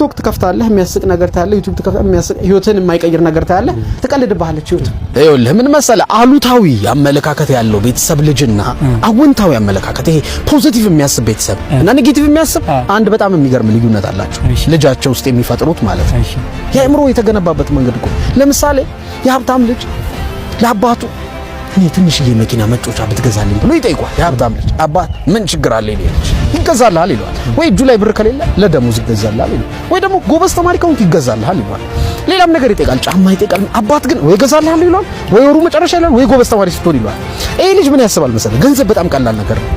ቲክቶክ ትከፍታለህ፣ የሚያስቅ ነገር ታያለህ። ዩቲዩብ ትከፍታለህ፣ የሚያስቅ ህይወትን የማይቀይር ነገር ታያለህ። ትቀልድብሃለች ህይወት። ይኸውልህ ምን መሰለ፣ አሉታዊ አመለካከት ያለው ቤተሰብ ልጅና አወንታዊ አመለካከት ይሄ ፖዚቲቭ የሚያስብ ቤተሰብ እና ኔጌቲቭ የሚያስብ አንድ በጣም የሚገርም ልዩነት አላቸው ልጃቸው ውስጥ የሚፈጥሩት ማለት ነው። የአእምሮ የተገነባበት መንገድ እኮ ለምሳሌ የሀብታም ልጅ ለአባቱ እኔ ትንሽዬ መኪና መጫወቻ ብትገዛልኝ ብሎ ይጠይቋል። የሀብታም ልጅ አባት ምን ችግር አለ ይለዋል። ይገዛልሃል ይሏል። ወይ እጁ ላይ ብር ከሌለ ለደሞዝ ይገዛልሃል ይሏል። ወይ ደግሞ ጎበዝ ተማሪ ከሆንክ ይገዛልሃል ይሏል። ሌላም ነገር ይጠይቃል። ጫማ ይጠይቃል። አባት ግን ወይ ይገዛልሃል ይሏል፣ ወይ ወሩ መጨረሻ ይለዋል፣ ወይ ጎበዝ ተማሪ ስትሆን ይሏል። ይሄ ልጅ ምን ያስባል መሰለህ? ገንዘብ በጣም ቀላል ነገር ነው፣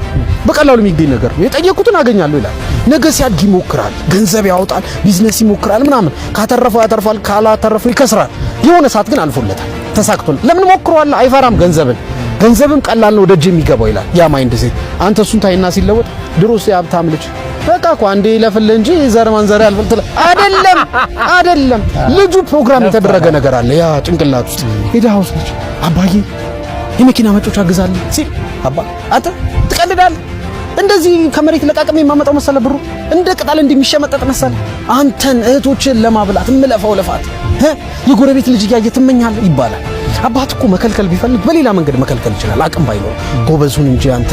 በቀላሉ የሚገኝ ነገር ነው፣ የጠየቁትን አገኛለሁ ይላል። ነገ ሲያድግ ይሞክራል፣ ገንዘብ ያወጣል፣ ቢዝነስ ይሞክራል ምናምን። ካተረፈው ያተርፋል፣ ካላተረፈው ይከስራል። የሆነ ሰዓት ግን አልፎለታል፣ ተሳክቶ ለምን ሞክሯል? አይፈራም ገንዘብን ገንዘብም ቀላል ነው ደጅ የሚገባው ይላል ያ ማይንድ ሴት። አንተ እሱን ታይና ሲለወጥ ድሮስ የሀብታም ልጅ በቃ እኮ አንዴ ይለፍልህ እንጂ ዘር ማንዘር አይደለም አይደለም። ልጁ ፕሮግራም የተደረገ ነገር አለ ያ ጭንቅላት ውስጥ የድሃውስ ልጅ አባዬ የመኪና መጮች አግዛለሁ ሲል አባ አንተ ትቀልዳለህ እንደዚህ ከመሬት ለቃቅም የማመጣው መሰለ ብሩ እንደ ቅጠል እንደሚሸመጠጥ መሰለ። አንተን እህቶችን ለማብላት የምለፋው ልፋት የጎረቤት ልጅ እያየ ትመኛለህ ይባላል። አባት እኮ መከልከል ቢፈልግ በሌላ መንገድ መከልከል ይችላል። አቅም ባይኖር ጎበዙን እንጂ አንተ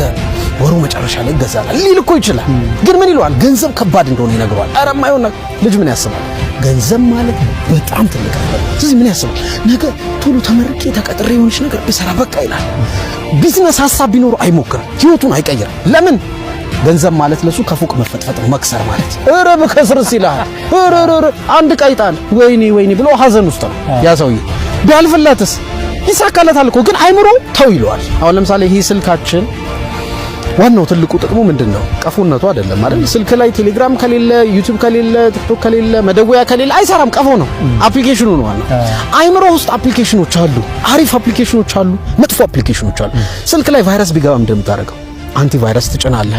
ወሩ መጨረሻ ላይ ይገዛል ሊል እኮ ይችላል። ግን ምን ይለዋል? ገንዘብ ከባድ እንደሆነ ይነግረዋል። ኧረ የማይሆን ልጅ ምን ያስባል? ገንዘብ ማለት በጣም ትልቅ ነገር። ስለዚህ ምን ያስባል? ነገ ቶሎ ተመርቄ ተቀጥሬ የሆነች ነገር ቢሰራ በቃ ይላል። ቢዝነስ ሀሳብ ቢኖር አይሞክርም። ህይወቱን አይቀይርም። ለምን ገንዘብ ማለት ለሱ ከፉቅ መፈጥፈጥ መክሰር ማለት ኧረ ብከስርስ ይላል። አንድ ቀይጣል ወይኔ ወይኔ ብሎ ሀዘን ውስጥ ነው ያ ሰውዬ። ቢያልፍለትስ ይሳካለታል እኮ ግን አይምሮ ተው ይለዋል። አሁን ለምሳሌ ይህ ስልካችን ዋናው ትልቁ ጥቅሙ ምንድን ነው? ቀፎነቱ አይደለም አይደል? ስልክ ላይ ቴሌግራም ከሌለ፣ ዩቲዩብ ከሌለ፣ ቲክቶክ ከሌለ፣ መደወያ ከሌለ አይሰራም። ቀፎ ነው፣ አፕሊኬሽኑ ነው ዋናው። አይምሮ ውስጥ አፕሊኬሽኖች አሉ፣ አሪፍ አፕሊኬሽኖች አሉ፣ መጥፎ አፕሊኬሽኖች አሉ። ስልክ ላይ ቫይረስ ቢገባ እንደምታደርገው አንቲቫይረስ ትጭናለህ።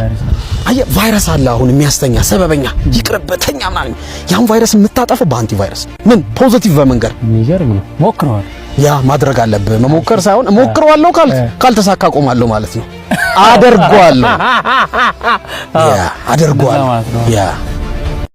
አየህ ቫይረስ አለ አሁን የሚያስተኛ ሰበበኛ ይቅርበተኛ ምናምን ያን ቫይረስ የምታጠፈው በአንቲቫይረስ ምን ፖዚቲቭ በመንገር የሚገርም ነው። ሞክረዋል። ያ ማድረግ አለብህ። መሞከር ሳይሆን ሞክረዋለሁ ካልክ ካልተሳካ ቆማለሁ ማለት ነው። አደርገዋለሁ ያ አደርገዋለሁ ያ